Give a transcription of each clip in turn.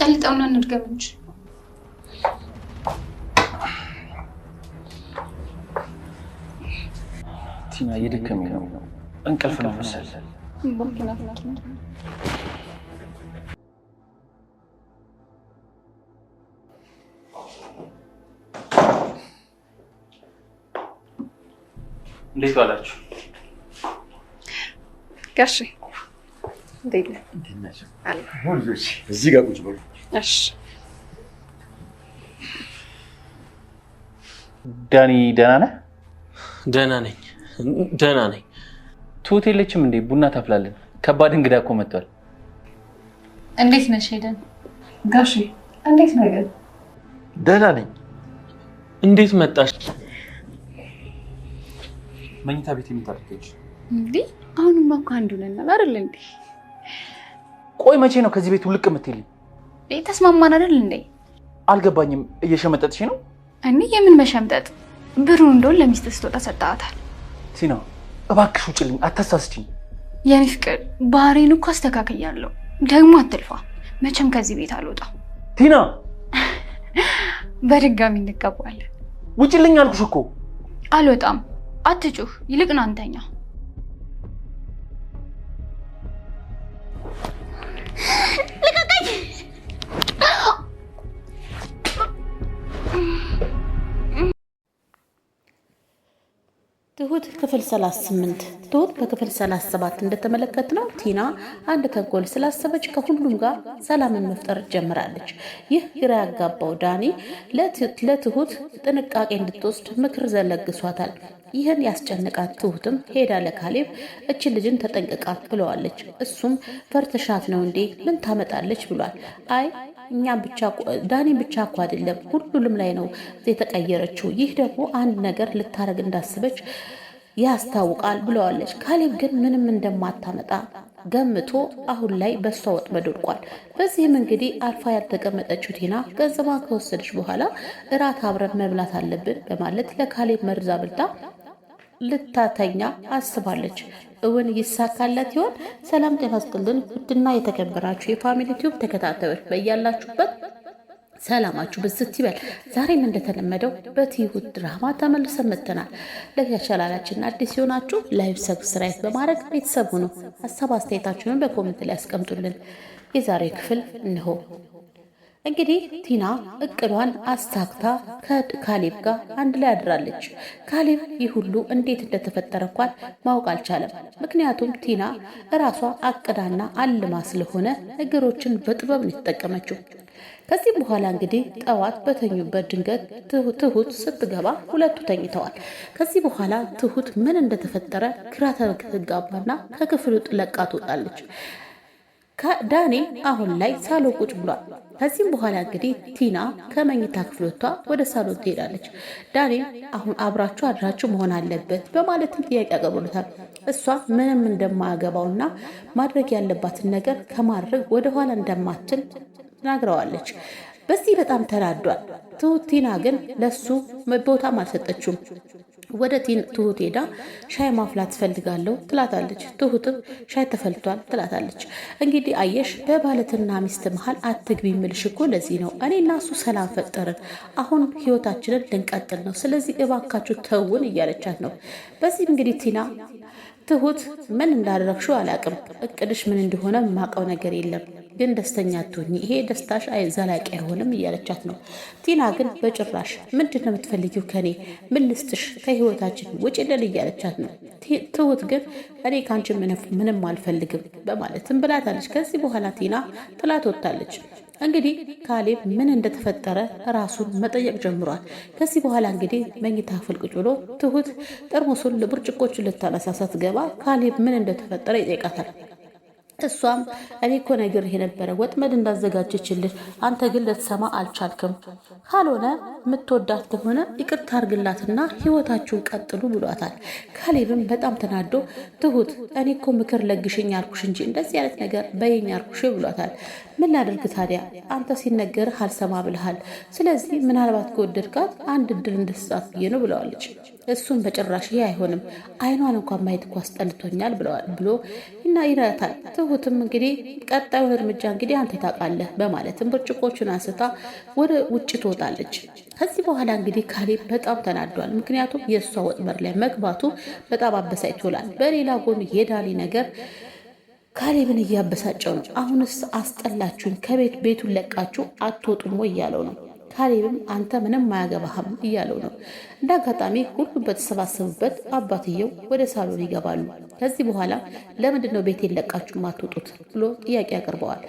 ጨልጠውና እንድገም እንጂ ቲና የደከመ ነው እንቅልፍ ነው መሰል። እንዴት ዋላችሁ ጋሼ? እዚህ ጋር ቁጭ በሉ። ዳኒ ደህና ነህ? ደህና ነኝ፣ ደህና ነኝ። ትሁት የለችም እንዴ? ቡና ታፍላለን። ከባድ እንግዳ እኮ መጥቷል። እንዴት ነሽ ሄደን? ጋሽ እንዴት ነገር? ደህና ነኝ። እንዴት መጣሽ? መኝታ ቤት የምታደርገች እንዴ? አሁንም እኮ አንዱ ነናል አይደል እንዴ? ቆይ መቼ ነው ከዚህ ቤት ውልቅ የምትልኝ? ተስማማን አይደል እንዴ? አልገባኝም። እየሸመጠጥሽ ነው? እኔ የምን መሸምጠጥ? ብሩን እንደውን ለሚስት ስትወጣ ሰጣታል። ሲና እባክሽ ውጭልኝ፣ አታሳስችኝ። የኔ ፍቅር ባህሬን እኮ አስተካክያለሁ። ደግሞ አትልፋ፣ መቼም ከዚህ ቤት አልወጣ። ቲና በድጋሚ እንገባዋለን። ውጭልኝ አልኩሽ እኮ። አልወጣም። አትጩህ፣ ይልቅ ና ትሁት ክፍል 38 ትሁት በክፍል 37 እንደተመለከት ነው ቲና አንድ ተንኮል ስላሰበች ከሁሉም ጋር ሰላምን መፍጠር ጀምራለች። ይህ ግራ ያጋባው ዳኒ ለትሁት ጥንቃቄ እንድትወስድ ምክር ዘለግሷታል። ይህን ያስጨንቃት ትሁትም ሄዳ ለካሌብ እችን ልጅን ተጠንቅቃት ብለዋለች። እሱም ፈርተሻት ነው እንዴ ምን ታመጣለች ብሏል። አይ እኛም ብቻ ዳኔም ብቻ እኮ አይደለም ሁሉንም ላይ ነው የተቀየረችው። ይህ ደግሞ አንድ ነገር ልታረግ እንዳስበች ያስታውቃል ብለዋለች። ካሌብ ግን ምንም እንደማታመጣ ገምቶ አሁን ላይ በእሷ ወጥመድ ወድቋል። በዚህም እንግዲህ አልፋ ያልተቀመጠችው ቲና ገንዘቧን ከወሰደች በኋላ እራት አብረን መብላት አለብን በማለት ለካሌብ መርዛ ብልታ ልታተኛ አስባለች። እውን ይሳካለት ይሆን? ሰላም ጤና ይስጥልን። ውድና የተከበራችሁ የፋሚሊ ቲዩብ ተከታታዮች በያላችሁበት ሰላማችሁ ብዝት ይበል። ዛሬም እንደተለመደው በትሁት ድራማ ተመልሰን መጥተናል። ለቻናላችን አዲስ ሲሆናችሁ ላይቭ ሰብስክራይብ በማድረግ ቤተሰብ ሁኑ። ሀሳብ አስተያየታችሁን በኮሜንት ላይ ያስቀምጡልን። የዛሬ ክፍል እንሆ እንግዲህ ቲና እቅዷን አሳክታ ከካሌብ ጋር አንድ ላይ አድራለች። ካሌብ ይህ ሁሉ እንዴት እንደተፈጠረ እንኳን ማወቅ አልቻለም። ምክንያቱም ቲና እራሷ አቅዳና አልማ ስለሆነ ነገሮችን በጥበብ ነው የተጠቀመችው። ከዚህም በኋላ እንግዲህ ጠዋት በተኙበት ድንገት ትሁት ስትገባ ሁለቱ ተኝተዋል። ከዚህ በኋላ ትሁት ምን እንደተፈጠረ ግራ ተጋባና ከክፍሉ ለቃ ትወጣለች። ዳኔ አሁን ላይ ሳሎን ቁጭ ብሏል። ከዚህም በኋላ እንግዲህ ቲና ከመኝታ ክፍሎቷ ወደ ሳሎን ትሄዳለች። ዳኔም አሁን አብራችሁ አድራችሁ መሆን አለበት በማለትም ጥያቄ ያቀርቡለታል። እሷ ምንም እንደማያገባውና ማድረግ ያለባትን ነገር ከማድረግ ወደኋላ እንደማትል ትናግረዋለች። በዚህ በጣም ተናዷል። ቲና ግን ለሱ ቦታም አልሰጠችውም። ወደ ትሁት ሄዳ ሻይ ማፍላት ትፈልጋለሁ ትላታለች። ትሁትም ሻይ ተፈልቷል ትላታለች። እንግዲህ አየሽ በባለትና ሚስት መሀል አትግቢ የምልሽ እኮ ለዚህ ነው። እኔ እና እሱ ሰላም ፈጠርን፣ አሁን ህይወታችንን ልንቀጥል ነው። ስለዚህ እባካችሁ ተውን እያለቻት ነው። በዚህም እንግዲህ ቲና ትሁት ምን እንዳደረግሽው አላቅም፣ እቅድሽ ምን እንደሆነ ማቀው ነገር የለም ግን ደስተኛ አትሆኝ፣ ይሄ ደስታሽ ዘላቂ አይሆንም እያለቻት ነው። ቲና ግን በጭራሽ ምንድን ነው የምትፈልጊው ከኔ? ምን ልስጥሽ? ከህይወታችን ልል እያለቻት ነው። ትሁት ግን እኔ ከአንቺ ምንም አልፈልግም በማለትም ብላታለች። ከዚህ በኋላ ቲና ጥላት ወጥታለች። እንግዲህ ካሌብ ምን እንደተፈጠረ ራሱን መጠየቅ ጀምሯል። ከዚህ በኋላ እንግዲህ መኝታ ክፍል ቁጭ ብሎ ትሁት ጠርሙሱን ብርጭቆቹን ልታነሳ ስትገባ ካሌብ ምን እንደተፈጠረ ይጠይቃታል። እሷም እኔ እኮ ነግሬህ ነበረ ወጥመድ እንዳዘጋጀችልህ፣ አንተ ግን ልትሰማ አልቻልክም። ካልሆነ የምትወዳት ከሆነ ይቅርታ አርግላትና ህይወታችሁን ቀጥሉ ብሏታል። ካሌብም በጣም ተናዶ ትሁት እኔ እኮ ምክር ለግሽኝ አልኩሽ እንጂ እንደዚህ አይነት ነገር በይኝ አልኩሽ ብሏታል። ምን ላደርግ ታዲያ አንተ ሲነገር አልሰማ ብልሃል። ስለዚህ ምናልባት ከወደድካት አንድ እድል እንድትሰጣት ብዬ ነው ብለዋለች። እሱም በጭራሽ ይህ አይሆንም፣ አይኗን እንኳን ማየት እኮ አስጠልቶኛል ብለዋል ብሎ እና ይረታል። ትሁትም እንግዲህ ቀጣዩን እርምጃ እንግዲህ አንተ ታውቃለህ በማለትም ብርጭቆቹን አንስታ ወደ ውጭ ትወጣለች። ከዚህ በኋላ እንግዲህ ካሌብ በጣም ተናዷል። ምክንያቱም የእሷ ወጥመድ ላይ መግባቱ በጣም አበሳጭቶላል። በሌላ ጎን የዳኒ ነገር ካሌብን እያበሳጨው ነው። አሁንስ አስጠላችሁኝ፣ ከቤት ቤቱን ለቃችሁ አትወጡም ወይ እያለው ነው። ካሌብም አንተ ምንም አያገባህም እያለው ነው። እንደ አጋጣሚ ሁሉም በተሰባሰቡበት አባትየው ወደ ሳሎን ይገባሉ። ከዚህ በኋላ ለምንድን ነው ቤቴን ለቃችሁ ማትወጡት ብሎ ጥያቄ ያቀርበዋል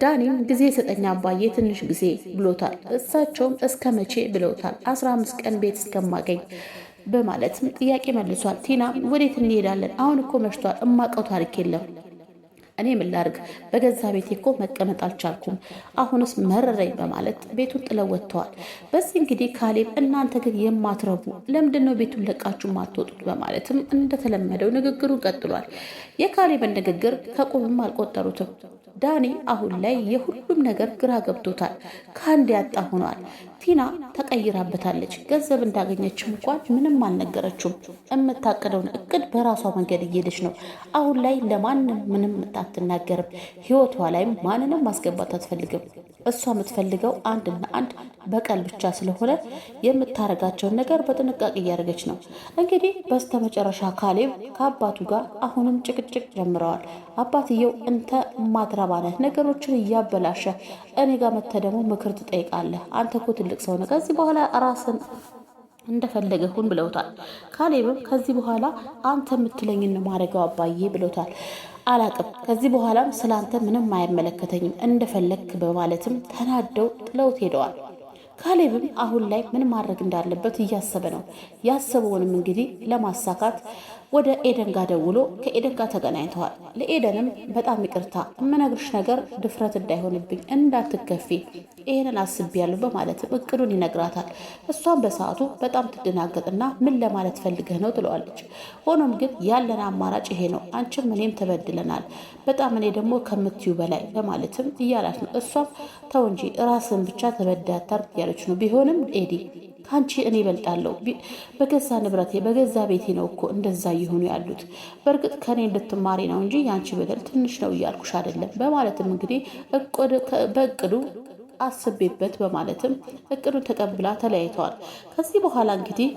ዳኒም ጊዜ የሰጠኝ አባዬ ትንሽ ጊዜ ብሎታል። እሳቸውም እስከ መቼ ብለውታል። አስራ አምስት ቀን ቤት እስከማገኝ በማለትም ጥያቄ መልሷል። ቲና ወዴት እንሄዳለን? አሁን እኮ መሽቷል። እማቀው ታሪክ የለም። እኔ ምን ላድርግ? በገዛ ቤቴ እኮ መቀመጥ አልቻልኩም። አሁንስ መረረኝ በማለት ቤቱን ጥለው ወጥተዋል። በዚህ እንግዲህ ካሌብ እናንተ ግን የማትረቡ ለምንድን ነው ቤቱን ለቃችሁ ማትወጡት? በማለትም እንደተለመደው ንግግሩን ቀጥሏል። የካሌብን ንግግር ከቁብም አልቆጠሩትም። ዳኒ አሁን ላይ የሁሉም ነገር ግራ ገብቶታል። ከአንድ ያጣ ሆኗል። ቲና ተቀይራበታለች። ገንዘብ እንዳገኘችው እንኳን ምንም አልነገረችውም። የምታቅደውን እቅድ በራሷ መንገድ እየሄደች ነው። አሁን ላይ ለማንም ምንም አትናገርም። ህይወቷ ላይም ማንንም ማስገባት አትፈልግም። እሷ የምትፈልገው አንድና አንድ በቀል ብቻ ስለሆነ የምታረጋቸውን ነገር በጥንቃቄ እያደረገች ነው። እንግዲህ በስተመጨረሻ ካሌብ ከአባቱ ጋር አሁንም ጭቅጭቅ ጀምረዋል። አባትየው እንተ ማትረባነት ነገሮችን እያበላሸ እኔ ጋር መተህ ደግሞ ምክር ትጠይቃለህ አንተ እኮ ትልቅ ትልቅ ሰው ነው። ከዚህ በኋላ ራስን እንደፈለገ ሁን ብለውታል። ካሌብም ከዚህ በኋላ አንተ የምትለኝን ነው ማድረገው አባዬ ብለውታል። አላቅም ከዚህ በኋላም ስለአንተ ምንም አይመለከተኝም እንደፈለግክ በማለትም ተናደው ጥለውት ሄደዋል። ካሌብም አሁን ላይ ምን ማድረግ እንዳለበት እያሰበ ነው። ያሰበውንም እንግዲህ ለማሳካት ወደ ኤደን ጋር ደውሎ ከኤደን ጋር ተገናኝተዋል። ለኤደንም በጣም ይቅርታ የምነግርሽ ነገር ድፍረት እንዳይሆንብኝ እንዳትከፊ፣ ይህንን አስቤያለሁ በማለትም እቅዱን ይነግራታል። እሷም በሰዓቱ በጣም ትደናገጥና ምን ለማለት ፈልገህ ነው ትለዋለች። ሆኖም ግን ያለን አማራጭ ይሄ ነው፣ አንቺም እኔም ተበድለናል፣ በጣም እኔ ደግሞ ከምትዩ በላይ በማለትም እያላት ነው። እሷም ተው እንጂ ራስን ብቻ ተበዳታር ያለች ነው። ቢሆንም ኤዲ ከአንቺ እኔ ይበልጣለሁ። በገዛ ንብረቴ በገዛ ቤቴ ነው እኮ እንደዛ እየሆኑ ያሉት። በእርግጥ ከእኔ እንድትማሪ ነው እንጂ የአንቺ በደል ትንሽ ነው እያልኩሽ አይደለም። በማለትም እንግዲህ በእቅዱ አስቤበት በማለትም እቅዱን ተቀብላ ተለያይተዋል። ከዚህ በኋላ እንግዲህ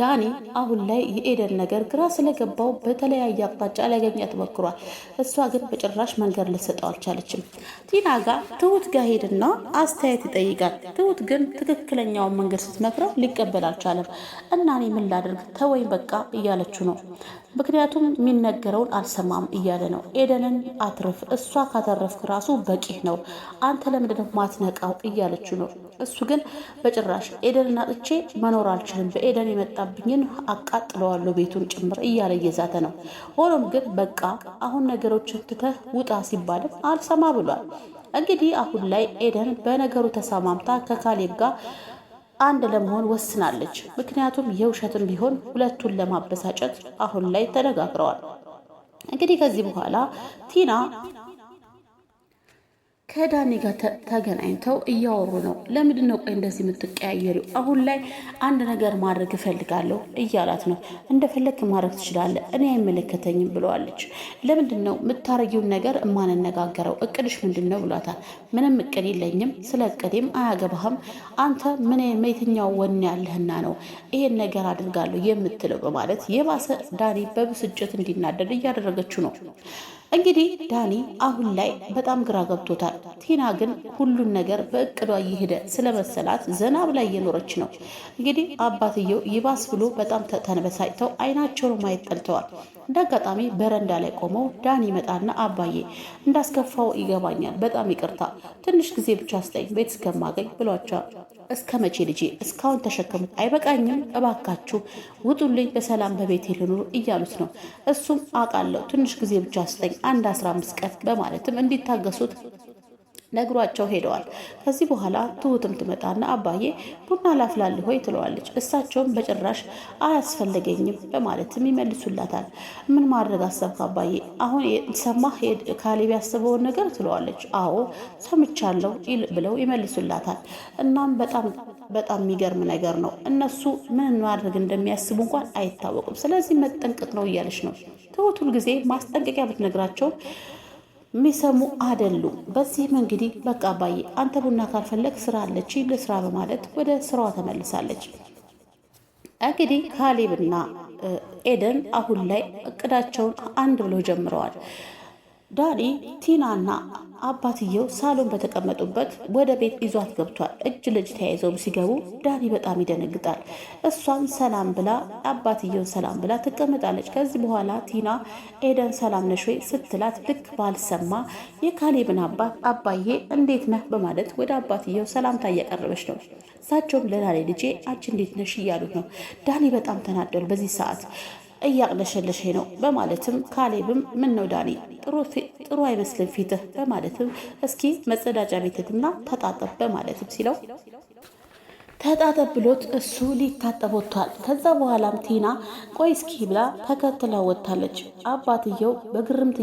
ዳኒ አሁን ላይ የኤደን ነገር ግራ ስለገባው በተለያየ አቅጣጫ ሊያገኛት ሞክሯል። እሷ ግን በጭራሽ መንገድ ልትሰጠው አልቻለችም። ቲና ጋ ትሁት ጋ ሄድና አስተያየት ይጠይቃል። ትሁት ግን ትክክለኛውን መንገድ ስትመክረው ሊቀበል አልቻለም። እና እኔ ምን ላድርግ ተወኝ በቃ እያለችው ነው። ምክንያቱም የሚነገረውን አልሰማም እያለ ነው። ኤደንን አትርፍ፣ እሷ ካተረፍክ ራሱ በቂህ ነው፣ አንተ ለምንድነው ማትነቃው እያለችው ነው። እሱ ግን በጭራሽ ኤደንን አጥቼ መኖር አልችልም፣ በኤደን ያመጣብኝን አቃጥለዋለሁ ቤቱን ጭምር እያለ እየዛተ ነው። ሆኖም ግን በቃ አሁን ነገሮች ትተህ ውጣ ሲባልም አልሰማ ብሏል። እንግዲህ አሁን ላይ ኤደን በነገሩ ተሰማምታ ከካሌብ ጋር አንድ ለመሆን ወስናለች። ምክንያቱም የውሸትም ቢሆን ሁለቱን ለማበሳጨት አሁን ላይ ተነጋግረዋል። እንግዲህ ከዚህ በኋላ ቲና ከዳኒ ጋር ተገናኝተው እያወሩ ነው። ለምንድን ነው ቆይ እንደዚህ የምትቀያየሪ? አሁን ላይ አንድ ነገር ማድረግ እፈልጋለሁ እያላት ነው። እንደፈለግክ ማድረግ ትችላለህ፣ እኔ አይመለከተኝም ብለዋለች። ለምንድን ነው የምታረጊውን ነገር እማንነጋገረው? እቅድሽ ምንድን ነው ብሏታል። ምንም እቅድ የለኝም፣ ስለ እቅዴም አያገባህም። አንተ ምን የትኛው ወኔ ያለህና ነው ይሄን ነገር አድርጋለሁ የምትለው? በማለት የባሰ ዳኒ በብስጭት እንዲናደድ እያደረገችው ነው። እንግዲህ ዳኒ አሁን ላይ በጣም ግራ ገብቶታል። ቲና ግን ሁሉን ነገር በእቅዷ እየሄደ ስለመሰላት ዘናብ ላይ እየኖረች ነው። እንግዲህ አባትየው ይባስ ብሎ በጣም ተንበሳጭተው አይናቸውን ማየት ጠልተዋል። እንደ አጋጣሚ በረንዳ ላይ ቆመው ዳን ይመጣና አባዬ እንዳስከፋው ይገባኛል፣ በጣም ይቅርታ፣ ትንሽ ጊዜ ብቻ ስጠኝ ቤት እስከማገኝ ብሏቸዋል። እስከ መቼ ልጄ እስካሁን ተሸከሙት አይበቃኝም? እባካችሁ ውጡልኝ፣ በሰላም በቤት ልኑር እያሉት ነው። እሱም አውቃለሁ፣ ትንሽ ጊዜ ብቻ ስጠኝ፣ አንድ አስራ አምስት ቀን በማለትም እንዲታገሱት ነግሯቸው ሄደዋል። ከዚህ በኋላ ትሁትም ትመጣና አባዬ ቡና ላፍላል ሆይ ትለዋለች። እሳቸውም በጭራሽ አያስፈልገኝም በማለትም ይመልሱላታል። ምን ማድረግ አሰብክ አባዬ? አሁን ሰማህ ካሌብ ያስበውን ነገር ትለዋለች። አዎ ሰምቻለሁ ብለው ይመልሱላታል። እናም በጣም በጣም የሚገርም ነገር ነው። እነሱ ምን ማድረግ እንደሚያስቡ እንኳን አይታወቁም። ስለዚህ መጠንቀቅ ነው እያለች ነው ትሁት። ሁልጊዜ ማስጠንቀቂያ ብትነግራቸው የሚሰሙ አይደሉም። በዚህም እንግዲህ በቃ አባዬ አንተ ቡና ካልፈለግ ስራ አለች ልስራ በማለት ወደ ስራዋ ተመልሳለች። እንግዲህ ካሌብና ኤደን አሁን ላይ እቅዳቸውን አንድ ብለው ጀምረዋል። ዳኒ ቲናና አባትየው ሳሎን በተቀመጡበት ወደ ቤት ይዟት ገብቷል። እጅ ለእጅ ተያይዘውም ሲገቡ ዳኒ በጣም ይደነግጣል። እሷም ሰላም ብላ አባትየውን ሰላም ብላ ትቀመጣለች። ከዚህ በኋላ ቲና ኤደን ሰላም ነሽ ወይ ስትላት ልክ ባልሰማ የካሌብን አባት አባዬ እንዴት ነህ በማለት ወደ አባትየው ሰላምታ እያቀረበች ነው። እሳቸውም ለዳኒ ልጄ አንቺ እንዴት ነሽ እያሉት ነው። ዳኒ በጣም ተናደዋል። በዚህ ሰዓት እያቅለሸለሸ ነው በማለትም ካሌብም ምን ነው ዳኒ ጥሩ አይመስልም ፊትህ በማለትም እስኪ መጸዳጃ ቤትትና ተጣጠብ በማለትም ሲለው ተጣጠ ብሎት እሱ ሊታጠብ ወጥቷል። ከዛ በኋላም ቲና ቆይ እስኪ ብላ ተከትላ ወጥታለች። አባትየው በግርምት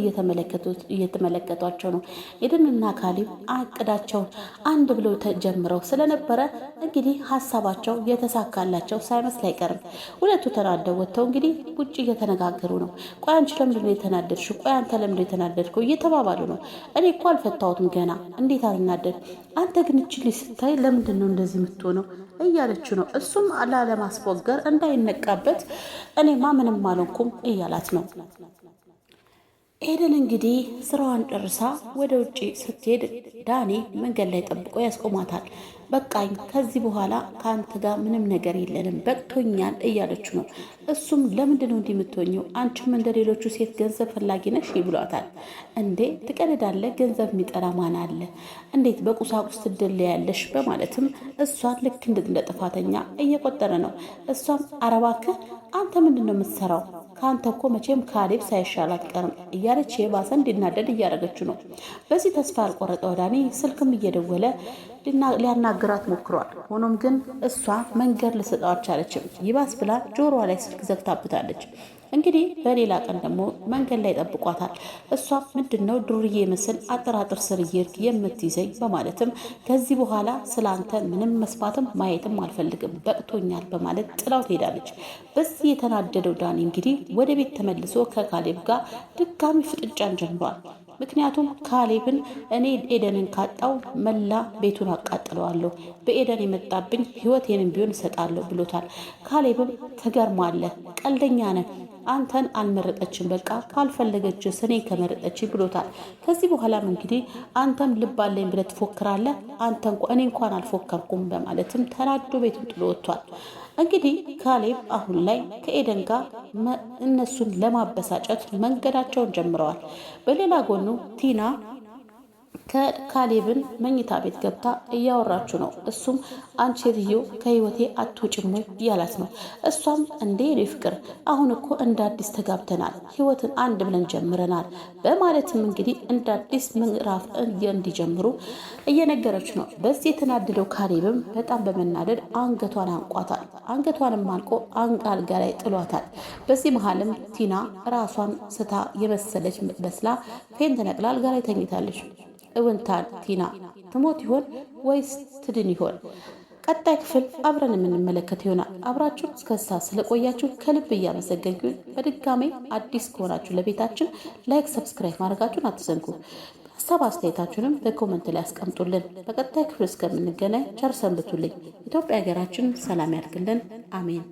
እየተመለከቷቸው ነው። የደንና ካሊብ አቅዳቸውን አንድ ብለው ተጀምረው ስለነበረ እንግዲህ ሀሳባቸው የተሳካላቸው ሳይመስል አይቀርም። ሁለቱ ተናደው ወጥተው እንግዲህ ውጭ እየተነጋገሩ ነው። ቆይ አንቺ ለምንድን ነው የተናደድሽው? ቆይ አንተ ለምንድን ነው የተናደድከው? እየተባባሉ ነው። እኔ እኮ አልፈታሁትም ገና እንዴት አልናደድ። አንተ ግን እችል ስታይ ለምንድን ነው እንደዚህ የምትሆነው? እያለችው ነው። እሱም ላለማስፎገር እንዳይነቃበት እኔማ ምንም አልሆንኩም እያላት ነው። ኤደን እንግዲህ ስራዋን ጨርሳ ወደ ውጭ ስትሄድ ዳኒ መንገድ ላይ ጠብቆ ያስቆማታል። በቃኝ፣ ከዚህ በኋላ ከአንተ ጋር ምንም ነገር የለንም፣ በቅቶኛል እያለች ነው። እሱም ለምንድን ነው እንዲህ የምትሆኘው? አንቺም እንደ ሌሎቹ ሴት ገንዘብ ፈላጊ ነሽ ይብሏታል። እንዴ ትቀልዳለህ፣ ገንዘብ የሚጠራ ማን አለ? እንዴት በቁሳቁስ ትደለያለሽ? በማለትም እሷን ልክ እንደ ጥፋተኛ እየቆጠረ ነው። እሷም አረባክህ አንተ ምንድን ነው የምትሰራው ከአንተ እኮ መቼም ካሌብ ሳይሻል አትቀርም እያለች የባሰ እንዲናደድ እያደረገችው ነው። በዚህ ተስፋ ያልቆረጠው ዳኒ ስልክም እየደወለ ሊያናግራት ሞክሯል። ሆኖም ግን እሷ መንገድ ልሰጠው አልቻለችም። ይባስ ብላ ጆሮዋ ላይ ስልክ ዘግታብታለች። እንግዲህ በሌላ ቀን ደግሞ መንገድ ላይ ጠብቋታል። እሷ ምንድን ነው ዱርዬ ምስል አጠራጥር ስር እየሄድክ የምትይዘኝ በማለትም ከዚህ በኋላ ስለአንተ ምንም መስማትም ማየትም አልፈልግም በቅቶኛል በማለት ጥላው ትሄዳለች። በዚህ የተናደደው ዳኒ እንግዲህ ወደ ቤት ተመልሶ ከካሌብ ጋር ድጋሚ ፍጥጫን ጀምሯል። ምክንያቱም ካሌብን እኔ ኤደንን ካጣው መላ ቤቱን አቃጥለዋለሁ፣ በኤደን የመጣብኝ ህይወቴንም ቢሆን እሰጣለሁ ብሎታል። ካሌብም ትገርማለህ፣ ቀልደኛ ነህ አንተን አልመረጠችም፣ በቃ ካልፈለገች ስኔ ከመረጠች ብሎታል። ከዚህ በኋላም እንግዲህ አንተም ልብ አለኝ ብለህ ትፎክራለህ፣ አንተ እኔ እንኳን አልፎከርኩም በማለትም ተናዶ ቤትም ጥሎ ወጥቷል። እንግዲህ ካሌብ አሁን ላይ ከኤደን ጋር እነሱን ለማበሳጨት መንገዳቸውን ጀምረዋል። በሌላ ጎኑ ቲና ከካሌብን መኝታ ቤት ገብታ እያወራችሁ ነው። እሱም አንቺ ሴትዮ ከህይወቴ አትውጭም ወይ እያላት ነው። እሷም እንዴ የኔ ፍቅር አሁን እኮ እንደ አዲስ ተጋብተናል፣ ህይወትን አንድ ብለን ጀምረናል በማለትም እንግዲህ እንደ አዲስ ምዕራፍ እንዲጀምሩ እየነገረች ነው። በዚህ የተናደደው ካሌብም በጣም በመናደድ አንገቷን አንቋታል። አንገቷንም አንቆ አልጋ ላይ ጥሏታል። በዚህ መሀልም ቲና ራሷን ስታ የመሰለች በስላ ፌንት ነቅላ አልጋ ላይ ተኝታለች። እውንታ ቲና ትሞት ይሆን ወይስ ትድን ይሆን? ቀጣይ ክፍል አብረን የምንመለከት ይሆናል። አብራችሁ እስከሳ ስለቆያችሁ ከልብ እያመሰገንኩኝ በድጋሜ አዲስ ከሆናችሁ ለቤታችን ላይክ፣ ሰብስክራይብ ማድረጋችሁን አትዘንጉ። ሀሳብ አስተያየታችሁንም በኮመንት ላይ አስቀምጡልን። በቀጣይ ክፍል እስከምንገናኝ ቸር ሰንብቱልኝ። ኢትዮጵያ ሀገራችን ሰላም ያድርግልን። አሜን።